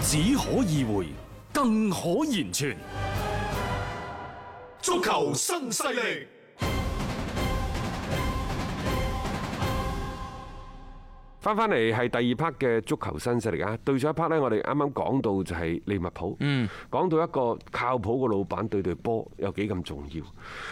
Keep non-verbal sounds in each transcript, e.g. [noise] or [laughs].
只可意會，更可言傳，足球新勢力。翻翻嚟係第二 part 嘅足球新勢力啊！對上一 part 咧，我哋啱啱講到就係利物浦，嗯，講到一個靠譜個老闆對對波有幾咁重要。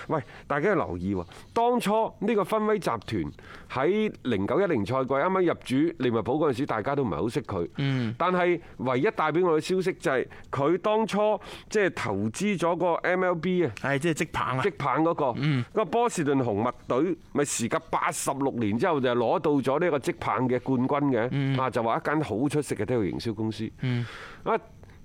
喂，大家要留意喎，當初呢個芬威集團，喺零九一零賽季啱啱入主利物浦嗰陣時大家都唔係好識佢。嗯。但係唯一帶俾我嘅消息就係、是、佢當初即係投資咗個 MLB 啊！係即係即棒啊！即棒個個。嗯、那個。個波士頓紅襪隊咪時隔八十六年之後就攞到咗呢個即棒嘅。冠軍嘅，啊就話一間好出色嘅體育營銷公司。嗯啊。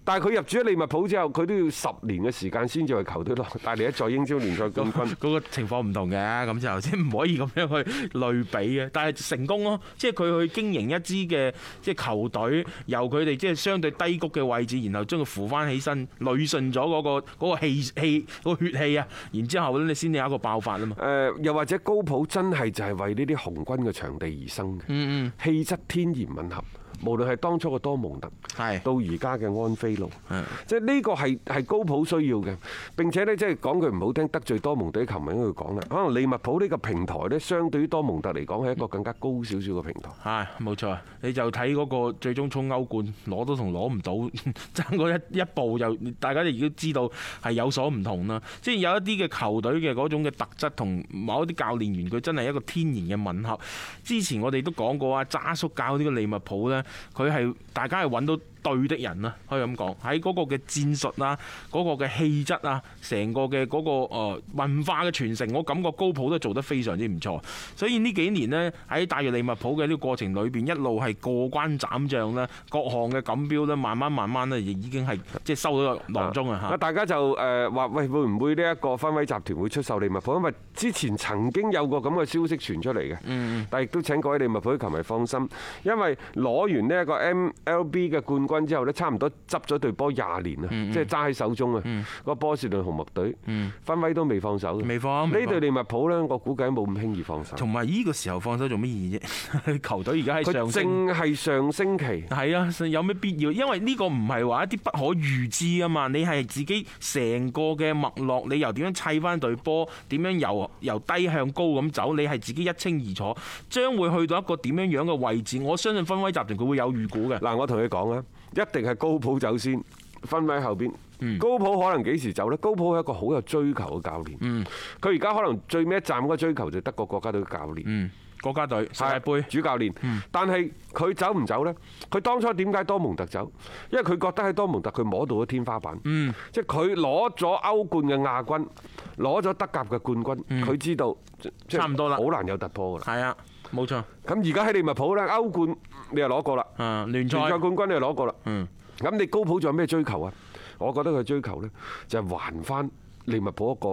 但係佢入主咗利物浦之後，佢都要十年嘅時間先至為球隊帶嚟一座英超聯賽冠軍。嗰 [laughs] 個情況唔同嘅，咁就即唔可以咁樣去類比嘅。但係成功咯，即係佢去經營一支嘅即係球隊，由佢哋即係相對低谷嘅位置，然後將佢扶翻起身，累順咗嗰個嗰個氣氣個血氣啊，然之後你先至有一個爆發啊嘛。誒，又或者高普真係就係為呢啲紅軍嘅場地而生嘅，氣質天然吻合。無論係當初嘅多蒙特，是到而家嘅安菲路，是即係呢個係係高普需要嘅。並且呢，即係講句唔好聽，得罪多蒙特嘅球員喺度講啦。可能利物浦呢個平台呢，相對於多蒙特嚟講，係一個更加高少少嘅平台。係冇錯，你就睇嗰個最終衝歐冠攞到同攞唔到爭嗰一一步又，又大家就已經知道係有所唔同啦。即係有一啲嘅球隊嘅嗰種嘅特質，同某一啲教練員佢真係一個天然嘅吻合。之前我哋都講過啊，渣叔教呢個利物浦呢。佢係大家係揾到。對的人啦，可以咁講，喺嗰個嘅戰術啦，嗰個嘅氣質啊，成個嘅嗰個誒文化嘅傳承，我感覺高普都做得非常之唔錯。所以呢幾年咧，喺大約利物浦嘅呢個過程裏邊，一路係過關斬將啦，各項嘅錦標咧，慢慢慢慢咧，亦已經係即係收到囊中啊嚇。啊，大家就誒話喂，會唔會呢一個分威集團會出售利物浦？因為之前曾經有過咁嘅消息傳出嚟嘅，嗯嗯，但係亦都請各位利物浦球迷放心，因為攞完呢一個 MLB 嘅冠。之後呢，差唔多執咗隊波廿年啦，即係揸喺手中啊！個、嗯、波士頓紅襪隊，嗯、芬威都未放手未放，未放呢隊利物浦呢，我估計冇咁輕易放手。同埋呢個時候放手做乜嘢啫？球隊而家喺上，正係上星期，係啊，有咩必要？因為呢個唔係話一啲不可預知啊嘛，你係自己成個嘅脈絡，你又點樣砌翻隊波？點樣由由低向高咁走？你係自己一清二楚，將會去到一個點樣樣嘅位置？我相信芬威集團佢會有預估嘅。嗱，我同你講啊！一定係高普走先，分位喺後邊。嗯、高普可能幾時走呢？高普係一個好有追求嘅教練。佢而家可能最尾一站嘅追求就德國國家隊嘅教練。國家隊世界盃主教練。嗯、但係佢走唔走呢？佢當初點解多蒙特走？因為佢覺得喺多蒙特佢摸到咗天花板。即係佢攞咗歐冠嘅亞軍，攞咗德甲嘅冠軍，佢、嗯、知道即係差唔多啦，好難有突破嘅啦。係啊。冇錯，咁而家喺利物浦咧，歐冠你又攞過啦賽，聯賽冠軍你又攞過啦。嗯，咁你高普仲有咩追求啊？我覺得佢追求咧，就係還翻利物浦一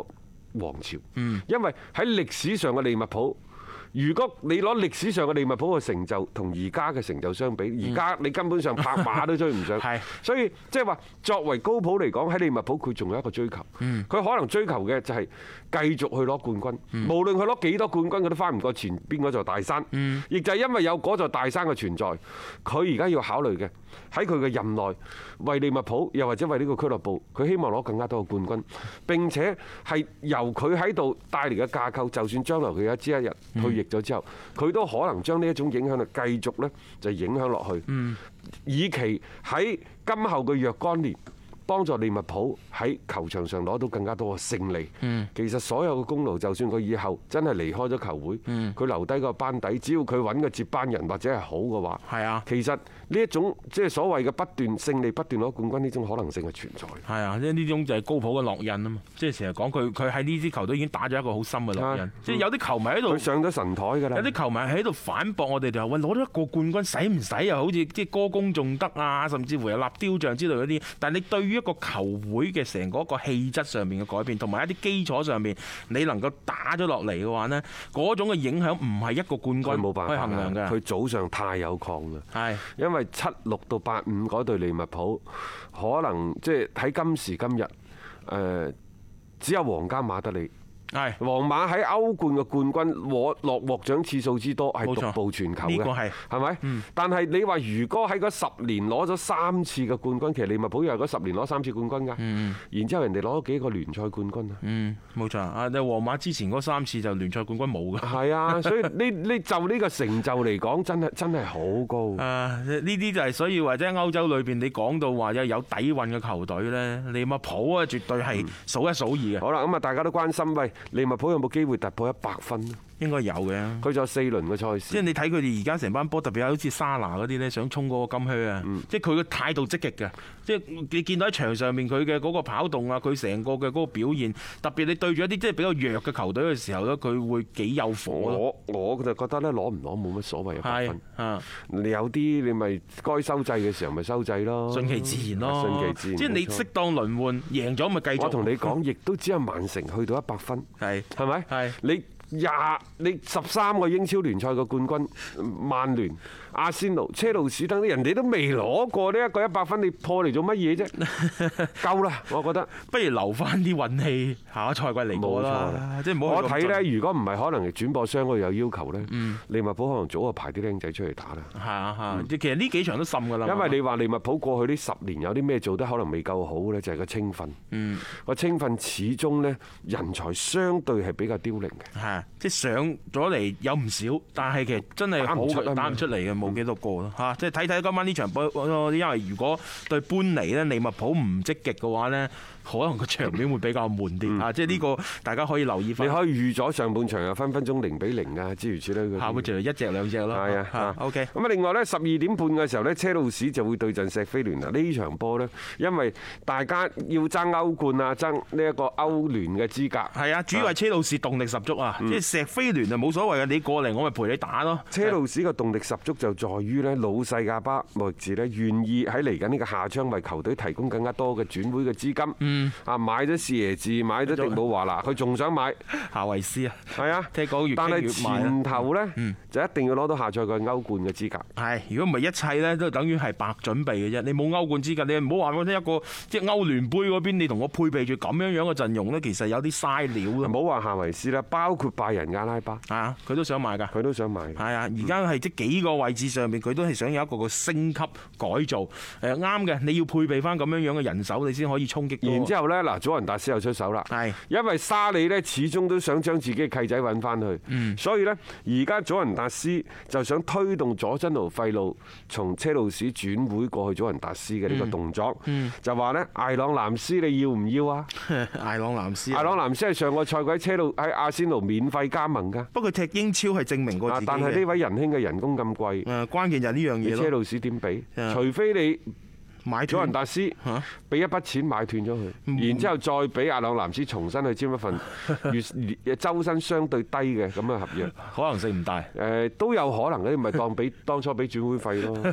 個皇朝。嗯，因為喺歷史上嘅利物浦。如果你攞歷史上嘅利物浦嘅成就同而家嘅成就相比，而家、嗯、你根本上拍馬都追唔上。 [laughs] 係。所以即係話作為高普嚟講，喺利物浦佢仲有一個追求。佢、嗯、可能追求嘅就係繼續去攞冠軍。嗯。無論佢攞幾多冠軍，佢都翻唔過前邊嗰座大山。亦、嗯、就係因為有嗰座大山嘅存在，佢而家要考慮嘅。喺佢嘅任內，為利物浦又或者為呢個俱樂部，佢希望攞更加多嘅冠軍。並且係由佢喺度帶嚟嘅架構，就算將來佢有一朝一日退役咗之後，佢都可能將呢一種影響力繼續呢就影響落去，以其喺今後嘅若干年，幫助利物浦喺球場上攞到更加多嘅勝利。其實所有嘅功勞，就算佢以後真係離開咗球會，佢留低個班底，只要佢揾個接班人或者係好嘅話，係啊。其實呢一種即係所謂嘅不斷勝利、不斷攞冠軍呢種可能性係存在。係啊，因為呢種就係高普嘅烙印啊嘛。即係成日講佢，佢喺呢支球隊已經打咗一個好深嘅烙印。即係有啲球迷喺度，佢上咗神台㗎啦。有啲球迷喺度反駁我哋，就話，喂，攞咗一個冠軍使唔使啊？好似即係歌功頌德啊，甚至乎又立雕像之類嗰啲。但係你對於一個球會嘅成嗰個氣質上面嘅改變，同埋一啲基礎上面，你能夠打咗落嚟嘅話呢，嗰種嘅影響唔係一個冠軍冇辦法可以衡量嘅。佢早上太有抗啦，係，是的 因為七六到八五嗰對利物浦，可能即係喺今時今日，誒，只有皇家馬德里。係，皇馬喺歐冠嘅冠軍獲獲獲獎次數之多，係獨步全球嘅。呢個係咪？但係你話如果喺嗰十年攞咗三次嘅冠軍，其實利物浦又嗰十年攞三次冠軍㗎。嗯、然之後人哋攞咗幾個聯賽冠軍啊？嗯，冇錯。啊，你皇馬之前嗰三次就聯賽冠軍冇㗎。係啊，所以你你就呢個成就嚟講，真係真係好高。啊，呢啲就係所以或者係歐洲裏邊你講到話有底蘊嘅球隊呢，利物浦啊，絕對係數一數二嘅。嗯、好啦，咁啊，大家都關心喂。利物浦有冇機會突破一百分？應該有嘅，佢仲有四輪嘅賽事。即係你睇佢哋而家成班波，特別好似沙拿嗰啲咧，想衝嗰個金靴啊！即係佢嘅態度積極嘅，即係你見到喺場上面佢嘅嗰個跑動啊，佢成個嘅嗰個表現，特別你對住一啲即係比較弱嘅球隊嘅時候咧，佢會幾有火。我我就覺得咧，攞唔攞冇乜所謂嘅。係是是 你有啲你咪該收掣嘅時候咪收掣咯，順其自然咯，即係你適當輪換贏咗咪繼續沒錯 我。我同你講，亦都只有曼城去到一百分，係係咪？係是是 你。廿你十三個英超聯賽嘅冠軍，曼聯、阿仙奴、車路士等等，人哋都未攞過呢一個一百分，你破嚟做乜嘢啫？夠啦，我覺得。不如留翻啲運氣，下個賽季嚟過啦。即係唔好。我睇咧，如果唔係可能轉播商嗰度有要求咧，利物浦可能早就排啲僆仔出嚟打啦。係啊係，其實呢幾場都滲㗎啦。因為你話利物浦過去呢十年有啲咩做得可能未夠好咧，就係個青訓。嗯。個青訓始終咧，人才相對係比較凋零嘅。係。即上咗嚟有唔少，但係其實真係打唔出嚟嘅，冇幾對吧 多個咯嚇。即睇睇今晚呢場波，因為如果對般尼咧，利物浦唔積極嘅話咧。可能個場面會比較悶啲啊！嗯、即係呢個大家可以留意翻。你可以預咗上半場又分分鐘零比零啊！諸如此類嘅。下半場就一隻兩隻咯。係啊對。對 OK。咁啊，另外咧，十二點半嘅時候呢，車路士就會對陣石飛聯啊！呢場波呢，因為大家要爭歐冠啊，爭呢一個歐聯嘅資格。係啊。主要係車路士動力十足啊！是的 即係石飛聯啊，冇所謂嘅，你過嚟我咪陪你打咯。車路士嘅動力十足就在於呢老細阿巴莫域治咧願意喺嚟緊呢個夏窗為球隊提供更加多嘅轉會嘅資金。嗯啊，買咗士爺字，買咗迪布華啦，佢仲想買夏維斯啊，係啊的，聽講越傾越賣啦。但係前頭咧，是的 就一定要攞到下賽季歐冠嘅資格。係，如果唔係，一切咧都等於係白準備嘅啫。你冇歐冠資格，你唔好話我聽一個即係歐聯杯嗰邊，你同我配備住咁樣樣嘅陣容咧，其實有啲嘥料。唔好話夏維斯啦，包括拜仁嘅阿拉巴，啊，佢都想買㗎，佢都想買。係啊，而家係即係幾個位置上面，佢都係想有一個個升級改造。誒，啱嘅，你要配備翻咁樣樣嘅人手，你先可以衝擊到。之後呢，嗱，祖仁達斯又出手啦。係是，因為沙利呢，始終都想將自己契仔揾翻去。嗯、所以呢，而家祖仁達斯就想推動佐真奴費路從車路士轉會過去祖仁達斯嘅呢個動作。嗯、就話呢，艾朗藍斯你要唔要啊？ [laughs] 艾朗藍斯。艾朗藍斯係上個賽季車路喺阿仙奴免費加盟㗎。不過踢英超係證明過自己。但係呢位仁兄嘅人工咁貴。誒，關鍵就係呢樣嘢咯。車路士點俾？的除非你。祖雲達斯俾一筆錢買斷咗佢，嗯、然之後再俾阿朗藍斯重新去簽一份月月週薪相對低嘅咁嘅合約， [laughs] 可能性唔大。誒，都有可能，嗰唔係當俾當初俾轉會費咯。 [laughs] [laughs]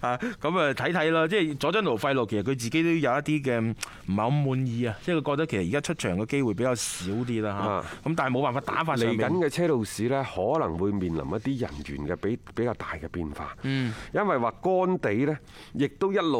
咁啊，睇睇咯，即係佐真奴費路其實佢自己都有一啲嘅唔係好滿意啊，即係佢覺得其實而家出場嘅機會比較少啲啦，咁但係冇辦法，打法上面嚟緊嘅車路士呢，可能會面臨一啲人員嘅比比較大嘅變化。嗯、因為話乾地呢亦都一路。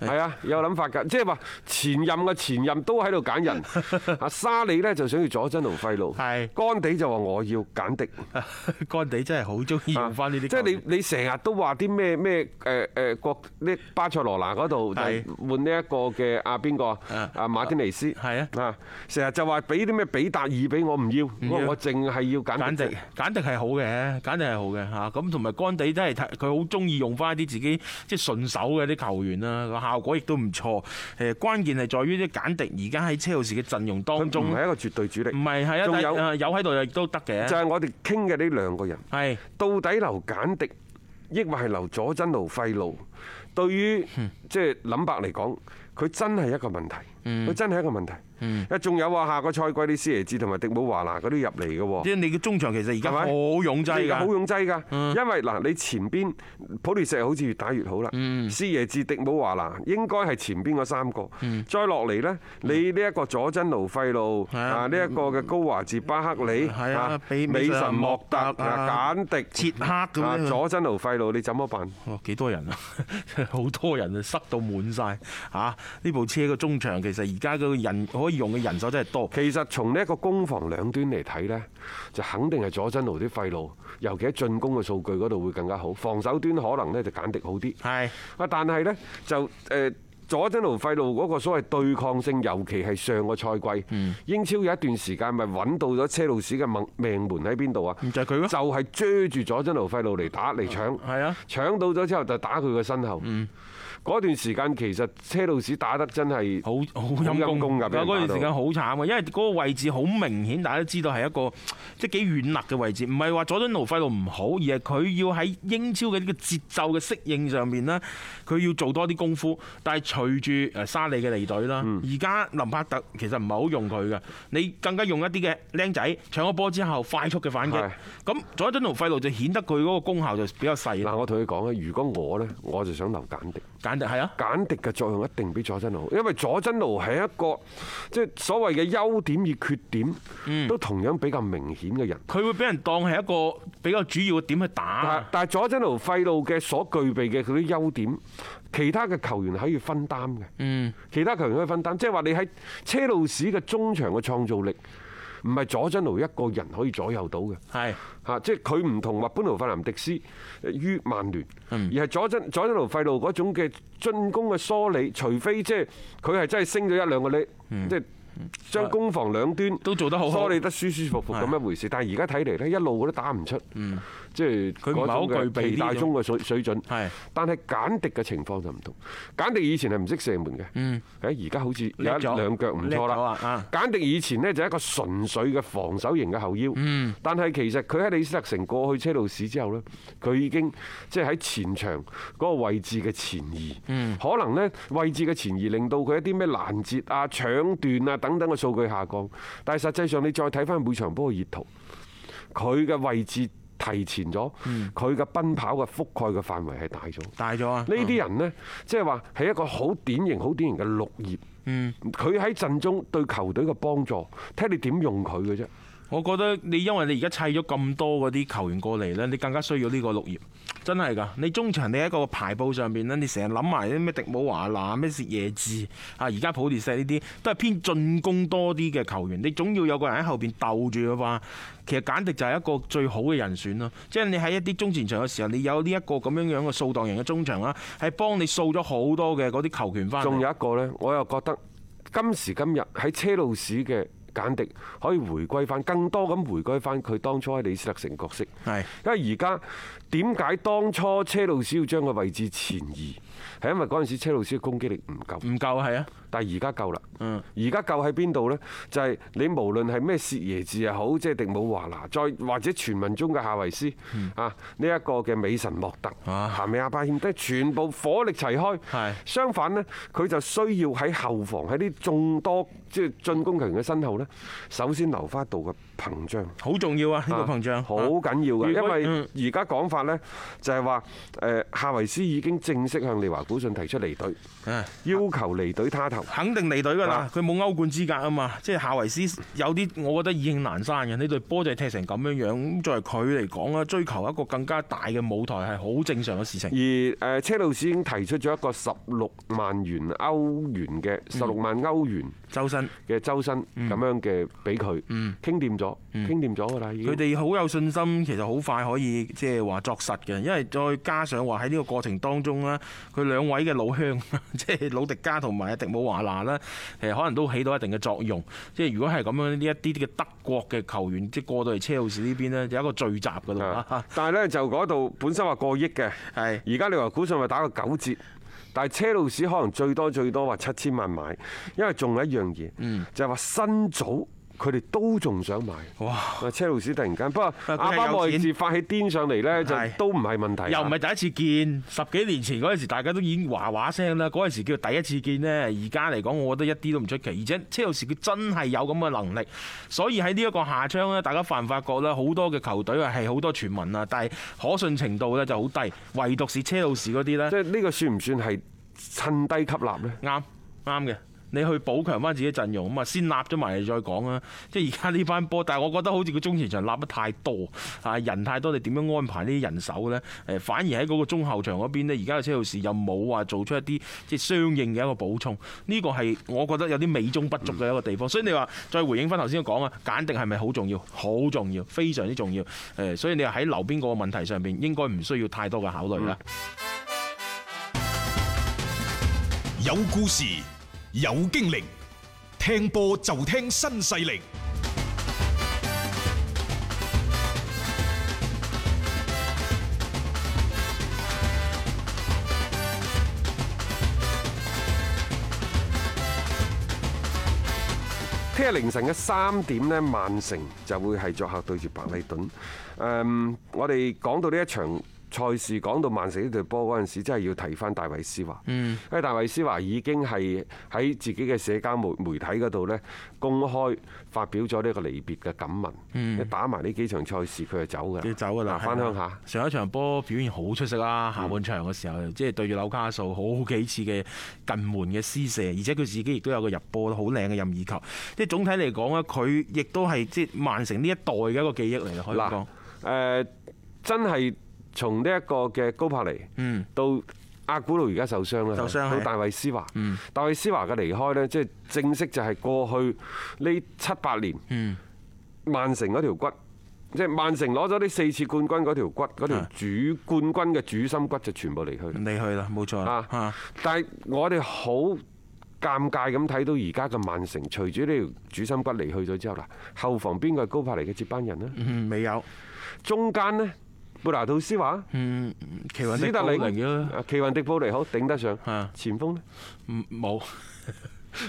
係啊，有諗法㗎，即係話前任嘅前任都喺度揀人。阿沙利咧就想要佐真奴同費魯，係。干地就話我要簡迪。干地真係好中意用翻呢啲。即係你你成日都話啲咩咩誒誒國呢巴塞羅那嗰度換呢一個嘅阿邊個？係。啊啊馬丁尼斯。係啊。啊，成日就話俾啲咩比達爾俾我唔要，唔要。我我淨係要簡迪。簡迪係好嘅，簡迪係好嘅嚇。咁同埋干地真係佢好中意用翻啲自己即係順手嘅啲球員啊。效果亦都唔錯，誒關鍵係在於啲簡迪而家喺車路士嘅陣容當中，仲唔係一個絕對主力？唔係，係啊，仲有有喺度亦都得嘅。就係我哋傾嘅呢兩個人，係到底留簡迪，抑或係留佐真奴費奴？對於即係林柏嚟講，佢真係一個問題。佢真係一個問題。啊，仲有話下個賽季啲斯耶治同埋迪姆華拿嗰啲入嚟嘅。即係你嘅中場其實而家好擁擠噶，好擁擠噶。因為嗱，你前邊普利石好似越打越好啦。斯耶治、迪姆華拿應該係前邊嗰三個。再落嚟呢，你呢一個佐真奴費路啊，呢一個嘅高華治巴克里、美神莫特啊，簡迪切克佐真奴費路，你怎麼辦？哦，幾多人啊？好多人啊，塞到滿晒啊！呢部車嘅中場。其實而家嘅人可以用嘅人手真係多。其實從呢一個攻防兩端嚟睇呢，就肯定係佐真奴啲廢路，尤其喺進攻嘅數據嗰度會更加好。防守端可能是 呢就簡直好啲。係啊，但係呢就誒。佐敦路費路嗰個所謂對抗性，尤其係上個賽季，嗯、英超有一段時間咪揾到咗車路士嘅命命門喺邊度啊？就係佢咯，就係追住佐敦路費路嚟打嚟搶，係啊！搶到咗之後就打佢個身後。嗰、嗯、段時間其實車路士打得真係好好陰功㗎，嗰段時間好慘啊，因為嗰個位置好明顯，大家都知道係一個即係幾軟肋嘅位置，唔係話佐敦路費路唔好，而係佢要喺英超嘅呢個節奏嘅適應上面呢，佢要做多啲功夫，但係。隨住誒沙利嘅離隊啦，而家林柏特其實唔係好用佢嘅，你更加用一啲嘅僆仔搶咗波之後快速嘅反擊是的 真。咁佐真奴費路就顯得佢嗰個功效就比較細。嗱，我同你講啊，如果我咧，我就想留簡迪。簡迪係啊，簡迪嘅作用一定比佐真奴，因為佐真奴係一個即係所謂嘅優點與缺點都同樣比較明顯嘅人。佢、嗯、會俾人當係一個比較主要嘅點去打，但。但係佐真奴費路嘅所具備嘅佢啲優點。其他嘅球員可以分擔嘅，其他球員可以分擔，即係話你喺車路士嘅中場嘅創造力，唔係佐真奴一個人可以左右到嘅是。係，嚇，即係佢唔同般奴、費南迪斯於曼聯，而係佐真佐真奴費路嗰種嘅進攻嘅梳理，除非即係佢係真係升咗一兩個呢，嗯、即係將攻防兩端都做得好，梳理得舒舒服服咁一回事。是的 但係而家睇嚟咧，一路都打唔出。嗯。即係嗰種具皮大中嘅水水準。但係簡迪嘅情況就唔同。簡迪以前係唔識射門嘅。嗯。喺而家好似有一兩腳唔錯啦。啊。簡迪以前呢就係一個純粹嘅防守型嘅後腰。但係其實佢喺李斯特城過去車路士之後呢，佢已經即係喺前場嗰個位置嘅前移。可能呢位置嘅前移令到佢一啲咩攔截啊、搶斷啊等等嘅數據下降。但係實際上你再睇翻每場波嘅熱圖，佢嘅位置提前咗佢嘅奔跑嘅覆蓋嘅範圍係大咗，大咗啊！呢啲人呢，即係話，係一個好典型、好典型嘅綠葉，佢喺陣中對球隊嘅幫助，睇下你點用佢嘅啫。我覺得你因為你而家砌咗咁多嗰啲球員過嚟呢，你更加需要呢個綠葉，真係㗎！你中場你喺一個排布上面呢，你成日諗埋啲咩迪姆華拿、咩薛耶治啊，而家普利錫呢啲都係偏進攻多啲嘅球員，你總要有個人喺後邊鬥住嘅話，其實簡迪就係一個最好嘅人選咯。即係你喺一啲中前場嘅時候，你有呢一個咁樣樣嘅掃蕩型嘅中場啦，係幫你掃咗好多嘅嗰啲球權返。仲有一個呢，我又覺得今時今日喺車路士嘅。簡可以回歸翻，更多咁回歸翻佢當初喺李斯特城角色。係，是 因為而家點解當初車路士要將佢位置前移？係因為嗰陣時車路士嘅攻擊力唔夠。唔夠係啊。但係而家夠啦，而家夠喺邊度呢？就係、是、你無論係咩薛耶治又好，即係迪姆華拿，再或者傳聞中嘅夏維斯啊，呢一個嘅美臣蒙特，啊、譚美阿巴咸，全部火力齊開。是 相反呢，佢就需要喺後防喺啲眾多即係進攻球員嘅身後呢，首先留花一道嘅膨脹，好重要啊！呢、這個膨脹好緊、啊、要嘅，因為而家講法呢，就係話誒夏維斯已經正式向利華古遜提出離隊，要求離隊他。肯定離隊㗎啦！佢冇歐冠資格啊嘛，即係夏維斯有啲我覺得意興闌珊嘅呢隊波就係踢成咁樣樣。咁作為佢嚟講咧，追求一個更加大嘅舞台係好正常嘅事情。而誒車路士已經提出咗一個十六萬元歐元嘅十六萬歐元周薪，嘅周薪咁樣嘅俾佢，傾掂咗。傾掂咗喎，但佢哋好有信心，其實好快可以即係話作實嘅，因為再加上話喺呢個過程當中咧，佢兩位嘅老鄉，即係魯迪加同埋迪姆華拿咧，誒可能都起到一定嘅作用即。即係如果係咁樣，呢一啲啲嘅德國嘅球員即係過到嚟車路士呢邊呢，有一個聚集嘅咯。但係呢，就嗰度本身話過億嘅，而家你話估上咪打個九折？但係車路士可能最多最多話七千萬買，因為仲有一樣嘢，就係、是、話新組。佢哋都仲想買，哇！車路士突然間，不過阿巴我係自發起癲上嚟呢，就都唔係問題。又唔係第一次見，十幾年前嗰陣時大家都已經話話聲啦，嗰陣時叫第一次見呢，而家嚟講，我覺得一啲都唔出奇。而且車路士佢真係有咁嘅能力，所以喺呢一個夏窗呢，大家發唔發覺呢，好多嘅球隊係好多傳聞啊，但係可信程度呢就好低。唯獨是車路士嗰啲呢，即係呢個算唔算係趁低吸納呢？啱啱嘅。你去補強翻自己陣容咁啊，先立咗埋嚟再講啊。即係而家呢班波，但係我覺得好似個中前場立得太多，啊人太多，你點樣安排呢啲人手呢？誒，反而喺嗰個中後場嗰邊咧，而家車路士又冇話做出一啲即係相應嘅一個補充，呢個係我覺得有啲美中不足嘅一個地方。所以你話再回應翻頭先講啊，簡迪係咪好重要？好重要，非常之重要。誒，所以你話喺留邊個問題上邊，應該唔需要太多嘅考慮啦。嗯、有故事。有精靈，聽波就聽新勢力。聽日凌晨嘅三點咧，曼城就會係作客對住白禮頓。誒，我哋講到呢一場。賽事講到曼城呢隊波嗰陣時，真係要提翻大衛施華。嗯，因為大衛施華已經係喺自己嘅社交媒媒體嗰度呢公開發表咗呢個離別嘅感文。一打埋呢幾場賽事，佢就走㗎。要走㗎啦，翻鄉下。上一場波表現好出色啦，下半場嘅時候即係對住紐卡素好幾次嘅近門嘅施射，而且佢自己亦都有個入波好靚嘅任意球。即係總體嚟講咧，佢亦都係即係曼城呢一代嘅一個記憶嚟啦。可以講誒、呃，真係。從呢一個嘅高柏尼到阿古路而家受傷啦，到大衛斯華，大衛斯華嘅離開咧，即係正式就係過去呢七八年，曼城嗰條骨，即係曼城攞咗呢四次冠軍嗰條骨，嗰條主冠軍嘅主心骨就全部離去，離去啦，冇錯啊！但係我哋好尷尬咁睇到而家嘅曼城，隨住呢條主心骨離去咗之後啦，後防邊個係高柏尼嘅接班人咧？嗯，未有，中間咧。布納多斯話，嗯，奇雲迪布尼啊，奇雲迪布尼好頂得上。吓前鋒咧？冇，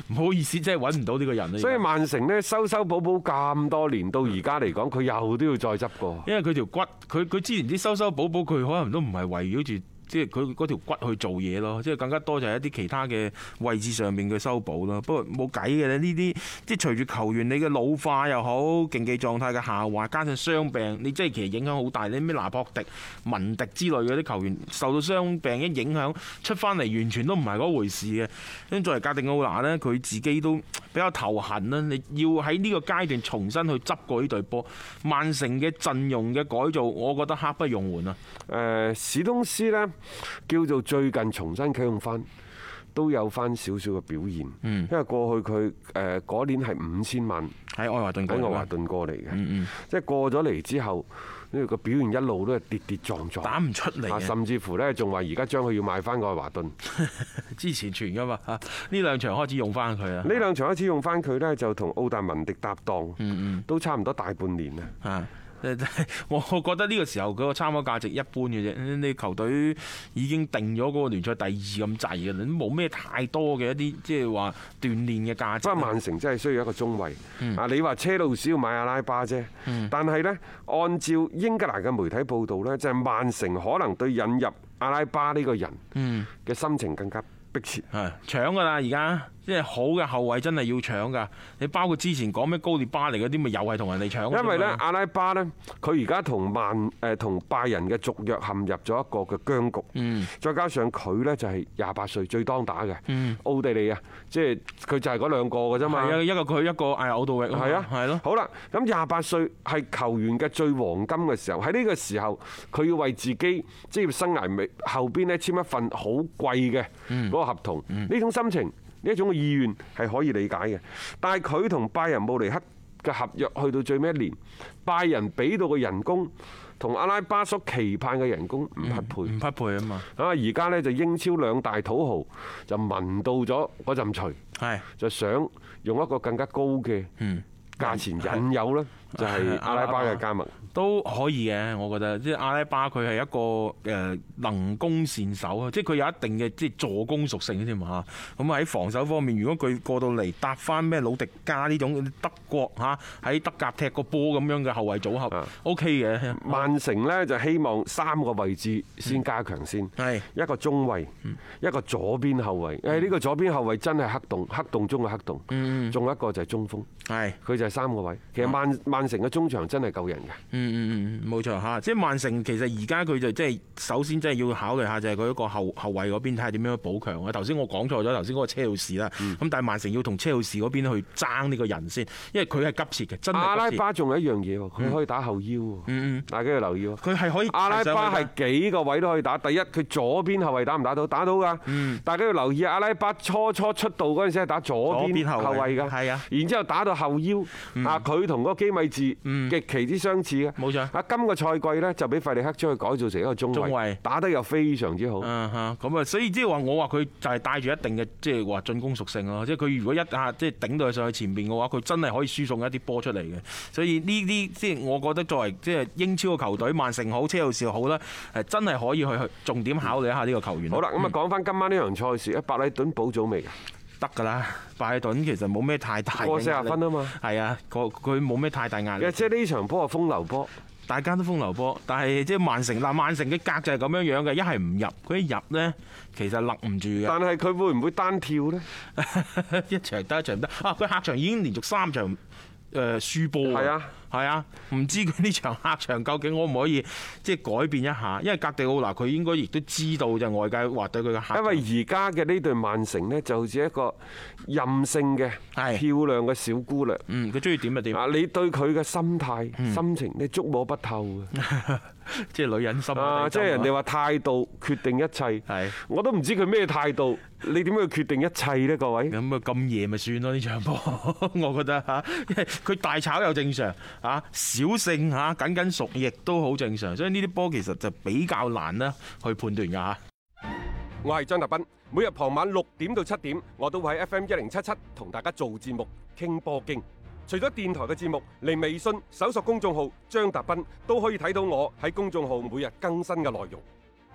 唔好意思，真係搵唔到呢個人。所以曼城咧，修修補補咁多年，到而家嚟講，佢又都要再執過。因為佢條骨，佢佢之前啲修修補補，佢可能都唔係圍繞住。即係佢嗰條骨去做嘢咯，即係更加多就係一啲其他嘅位置上面嘅修補咯。不過冇計嘅，呢啲即係隨住球員你嘅老化又好，競技狀態嘅下滑，加上傷病，你即係其實影響好大。你咩拿破迪、文迪之類嗰啲球員受到傷病嘅影響出翻嚟，完全都唔係嗰回事嘅。因為作為格迪奧拿呢，佢自己都比較頭痕啦。你要喺呢個階段重新去執過呢隊波，曼城嘅陣容嘅改造，我覺得刻不容緩啊。誒、呃，史東斯咧。叫做最近重新啟用翻，都有翻少少嘅表現。因為過去佢誒嗰年係五千萬喺愛華頓喺愛華頓過嚟嘅，即係過咗嚟之後，呢個表現一路都係跌跌撞撞，打唔出嚟，甚至乎呢仲話而家將佢要買翻愛華頓，之前傳噶嘛。呢兩場開始用翻佢啊，呢兩場開始用翻佢呢，就同奧達文迪搭檔，都差唔多大半年啦。我覺得呢個時候佢個參考價值一般嘅啫，你球隊已經定咗嗰個聯賽第二咁滯嘅啦，都冇咩太多嘅一啲即係話鍛鍊嘅價值。不過曼城真係需要一個中衞啊！嗯、你話車路士要買阿拉巴啫，但係呢，按照英格蘭嘅媒體報導呢，就係曼城可能對引入阿拉巴呢個人嘅心情更加迫切，嗯，搶㗎啦而家。即係好嘅後衞，真係要搶噶。你包括之前講咩高列巴嚟嗰啲，咪又係同人哋搶。因為咧，阿拉巴咧，佢而家同曼誒同拜仁嘅續約陷入咗一個嘅僵局。嗯。再加上佢咧就係廿八歲最當打嘅。嗯。奧地利啊，即係佢就係嗰兩個嘅啫嘛。係啊，一個佢一個誒奧道域。係啊，係咯。的對了 好啦，咁廿八歲係球員嘅最黃金嘅時候，喺呢個時候佢要為自己職業生涯後邊咧簽一份好貴嘅嗰個合同。呢、嗯、種心情。呢一種嘅意願係可以理解嘅，但係佢同拜仁慕尼黑嘅合約去到最尾一年，拜仁俾到嘅人工同阿拉巴所期盼嘅人工唔匹配，唔匹配，嗯，唔匹配啊嘛！啊而家呢，就英超兩大土豪就聞到咗嗰陣臭，是 就想用一個更加高嘅價錢引誘啦。就係阿拉巴嘅加盟都可以嘅，我覺得即係阿拉巴佢係一個誒能攻善守，即係佢有一定嘅即係助攻屬性嘅啫嘛。咁喺防守方面，如果佢過到嚟搭翻咩魯迪加呢種德國嚇喺德甲踢個波咁樣嘅後衞組合，OK 嘅。曼城呢，就希望三個位置先加強先，係是的 一個中衞，是的 一個左邊後衞。誒呢是的 個左邊後衞真係黑洞，黑洞中嘅黑洞。嗯，仲有一個就係中鋒，係佢就係三個位。其實曼。曼城嘅中場真係夠人嘅。嗯，嗯嗯嗯，冇錯吓，即係曼城其實而家佢就即係首先真係要考慮下就係佢一個後後衛嗰邊睇下點樣去補強啊。頭先我講錯咗頭先嗰個車路士啦，咁，嗯，但係曼城要同車路士嗰邊去爭呢個人先，因為佢係急切嘅。真阿拉巴仲有一樣嘢，佢可以打後腰，嗯，大家要留意。佢係，嗯嗯，可以。阿拉巴係幾個位都可以打，第一佢左邊後衛打唔打到？打到噶嗯，大家要留意。阿拉巴初初出道嗰陣時係打左邊後衛噶，係啊，然之後打到後腰，啊，嗯，佢同嗰基米。極其之相似嘅，冇錯。阿今個賽季呢，就俾費利克將佢改造成一個中衞，中衞 打得又非常之好、嗯。咁、嗯、啊，所以即係話我話佢就係帶住一定嘅，即係話進攻屬性咯。即係佢如果一下即係頂到上去前面嘅話，佢真係可以輸送一啲波出嚟嘅。所以呢啲即係我覺得作為即係英超嘅球隊，曼城好、車路士好啦，誒真係可以去去重點考慮一下呢個球員、嗯好。好啦，咁啊講翻今晚呢場賽事，白禮頓補組未？得㗎喇，拜頓其實冇咩太大壓力，過四十分啊嘛，係啊，佢冇咩太大壓力。即係呢場波係風流波，大家都風流波，但係即係曼城嗱，曼城嘅格就係咁樣樣嘅，一係唔入，佢一入呢，其實立唔住嘅。但係佢會唔會單跳呢 [laughs] 一？一場得一場得啊！佢客場已經連續三場誒輸波啊。係啊，唔知佢呢場客場究竟可唔可以即係改變一下，因為格地奧拿佢應該亦都知道就外界話對佢嘅客，因為而家嘅呢隊曼城呢，就似一個任性嘅是 漂亮嘅小姑娘、嗯，佢中意點就點啊！你對佢嘅心態、嗯、心情，你捉摸不透嘅，即係女人心啊！即係人哋話態度決定一切，係是的 我都唔知佢咩態度，你點去決定一切呢？各位咁啊，咁夜咪算咯呢場波，我覺得嚇，佢大炒又正常。啊，小勝啊，緊緊縮亦都好正常，所以呢啲波其實就比較難啦去判斷噶吓。我係張達斌，每日傍晚六點到七點，我都會喺 FM 一零七七同大家做節目傾波經。除咗電台嘅節目，嚟，微信搜索公眾號張達斌都可以睇到我喺公眾號每日更新嘅內容。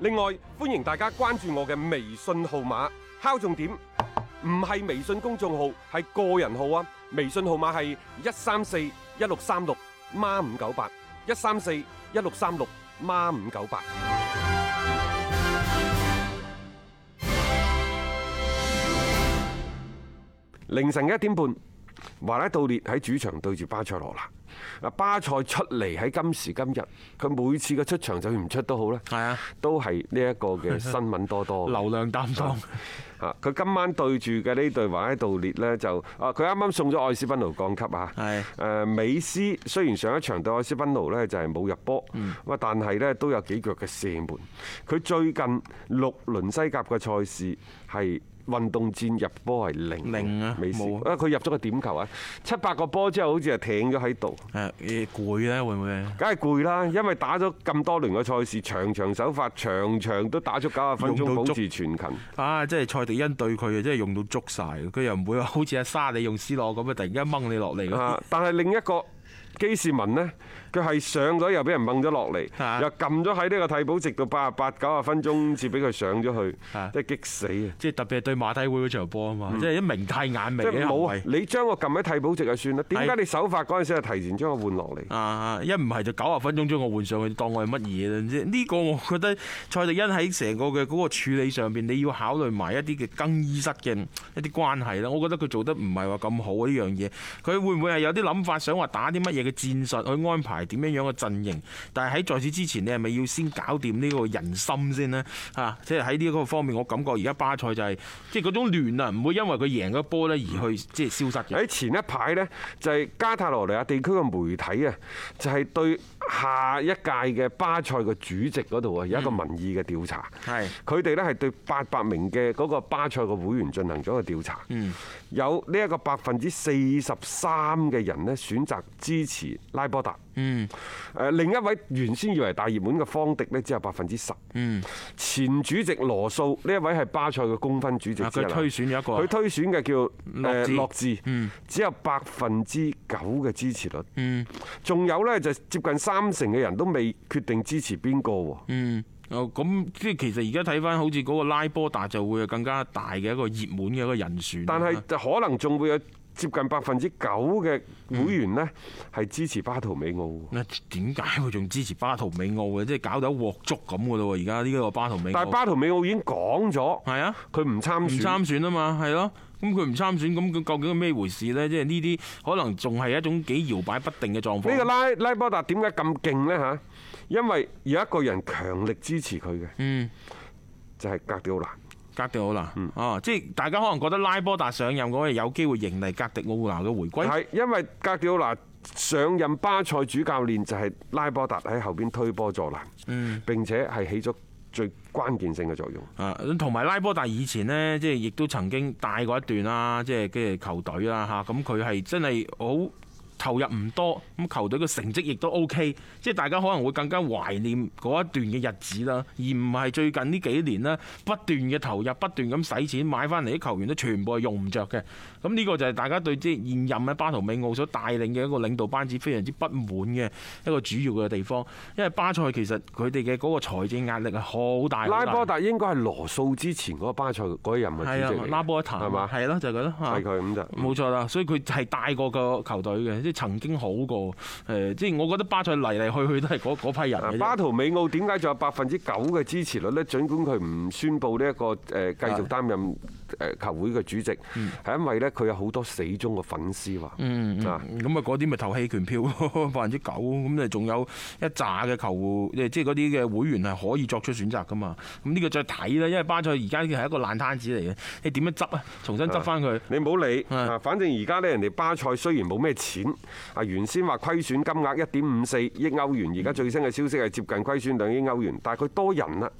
另外，歡迎大家關注我嘅微信號碼，敲重點，唔係微信公眾號，係個人號啊！微信號碼係一三四一六三六孖五九八一三四一六三六孖五九八。8，凌晨一點半，華拉道列喺主場對住巴塞羅那。巴塞出嚟喺今時今日，佢每次嘅出場就算唔出都好是的 都好啦，係啊，都係呢一個嘅新聞多多， [laughs] 流量擔當，佢今晚對住嘅呢隊華拉度列呢，就啊，佢啱啱送咗愛斯賓奴降級啊，係是的 美斯雖然上一場對愛斯賓奴呢就係冇入波，嗯，但係呢都有幾腳嘅射門，佢最近六輪西甲嘅賽事係。運動戰入波係零零啊，冇有啊！佢入咗個點球啊！七八個波之後好，好似係停咗喺度。誒，攰咧會唔會？梗係攰啦，因為打咗咁多輪嘅賽事，長長手法，長長都打足九十分鐘，保持全勤。啊！即係蔡迪恩對佢啊，即係用到捉晒，佢又唔會好似阿沙利用斯羅咁啊，突然間掹你落嚟。啊！但係另一個基士文呢？佢係上咗又俾人掹咗落嚟，又撳咗喺呢個替補席度，八十八九十分鐘先俾佢上咗去，的即係激死啊！即係特別係對馬體會嗰場波啊嘛！嗯、即係一明太眼明啊！冇，你將我撳喺替補席就算啦。點解的你手法嗰陣時就提前將我換落嚟？一唔係就九十分鐘將我換上去當我係乜嘢啦？呢個我覺得蔡迪欣喺成個嘅嗰個處理上邊，你要考慮埋一啲嘅更衣室嘅一啲關係啦。我覺得佢做得唔係話咁好啊呢樣嘢。佢會唔會係有啲諗法想話打啲乜嘢嘅戰術去安排？點樣樣嘅陣型？但係喺在，在此之前，你係咪要先搞掂呢個人心先呢？嚇，即係喺呢一個方面，我感覺而家巴塞就係即係嗰種亂啊，唔會因為佢贏咗波呢而去即係消失。喺前一排呢，就係、是、加泰羅尼亞地區嘅媒體啊，就係對。下一屆嘅巴塞嘅主席嗰度啊，有一個民意嘅調查，嗯。係佢哋呢係對八百名嘅嗰個巴塞嘅會員進行咗個調查。嗯，有呢一個百分之四十三嘅人呢，選擇支持拉波達。嗯，誒另一位原先以為大熱門嘅方迪呢，只有百分之十。嗯，前主席羅素呢一位係巴塞嘅公分主席。啊，佢推選一個。佢推選嘅叫諾智。只有百分之九嘅支持率。嗯，仲有呢，就接近三三成嘅人都未決定支持邊個喎。嗯，哦咁即係其實而家睇翻好似嗰個拉波達就會有更加大嘅一個熱門嘅一個人選，但係可能仲會有接近百分之九嘅會員呢係支、嗯、支持巴圖美奧。點解佢仲支持巴圖美奧嘅？即係搞到一鑊粥咁嘅咯。而家呢個巴圖美奧，但係巴圖美奧已經講咗係啊，佢唔參唔參選啊嘛，係咯。咁佢唔參選，咁佢究竟係咩回事呢？即係呢啲可能仲係一種幾搖擺不定嘅狀況。呢個拉拉波達點解咁勁呢？嚇，因為有一個人強力支持佢嘅，嗯，就係格迪奧拿。格迪奧拿，哦、嗯啊，即係大家可能覺得拉波達上任嗰日有機會迎嚟格迪奧拿嘅回歸，係因為格迪奧拿上任巴塞主教練就係拉波達喺後邊推波助瀾，嗯，並且係起咗最關鍵性嘅作用啊，同埋拉波達以前呢，即係亦都曾經帶過一段啦，即係嘅球隊啦嚇，咁佢係真係好投入唔多，咁球隊嘅成績亦都 OK，即係大家可能會更加懷念嗰一段嘅日子啦，而唔係最近呢幾年咧不斷嘅投入，不斷咁使錢買翻嚟啲球員都全部係用唔着嘅。咁呢個就係大家對即係現任嘅巴圖美奧所帶領嘅一個領導班子非常之不滿嘅一個主要嘅地方。因為巴塞其實佢哋嘅嗰個財政壓力係好大，大拉特。拉波特應該係羅素之前嗰個巴塞嗰個人係主席嚟，係嘛吧？係咯，就係佢咯，佢咁就冇錯啦。所以佢係帶過個球隊嘅。曾經好過，誒，即係我覺得巴塞嚟嚟去去都係嗰批人。巴圖美奧點解仲有百分之九嘅支持率呢？儘管佢唔宣佈呢一個誒繼續擔任誒球會嘅主席，係因為呢，佢有好多死忠嘅粉絲話、嗯，嗱咁啊嗰啲咪投棄權票，百分之九，咁你仲有一揸嘅球會，即係即係嗰啲嘅會員係可以作出選擇噶嘛？咁呢個再睇啦，因為巴塞而家係一個爛攤子嚟嘅，你點樣執啊？重新執翻佢？你唔好理，是的 反正而家呢，人哋巴塞雖然冇咩錢。啊！原先話虧損金額一點五四億歐元，而家最新嘅消息係接近虧損兩億歐元，但係佢多人啦。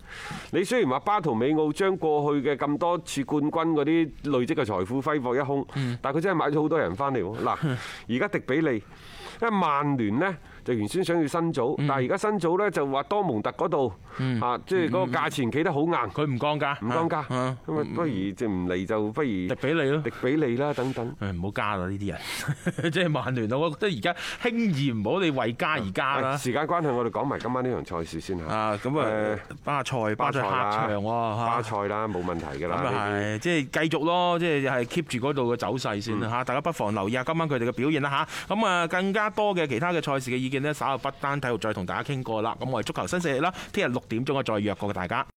你雖然話巴圖美奧將過去嘅咁多次冠軍嗰啲累積嘅財富揮霍一空，但佢真係買咗好多人翻嚟。嗱，而家迪比利，因為，曼聯呢。就原先想要辛祖，但係而家辛祖咧就話多蒙特嗰度嚇，即係嗰個價錢企得好硬。佢唔降價，唔降價，咁啊嗎不如就唔嚟就不如。迪比利咯，迪比利啦，等等。誒唔好加啦呢啲人，即係曼聯啊！我覺得而家輕易唔好你為加而加啦。時間關係，我哋講埋今晚呢場賽事先吓，啊咁啊，巴塞巴塞場巴塞啦冇問題㗎啦。咁啊即係繼續咯，即係係 keep 住嗰度嘅走勢先吓，大家不妨留意下今晚佢哋嘅表現啦吓，咁啊更加多嘅其他嘅賽事嘅意見。見咧，稍後不單體育再同大家傾過啦，咁我哋足球新勢力啦，聽日六點鐘啊再約過嘅大家。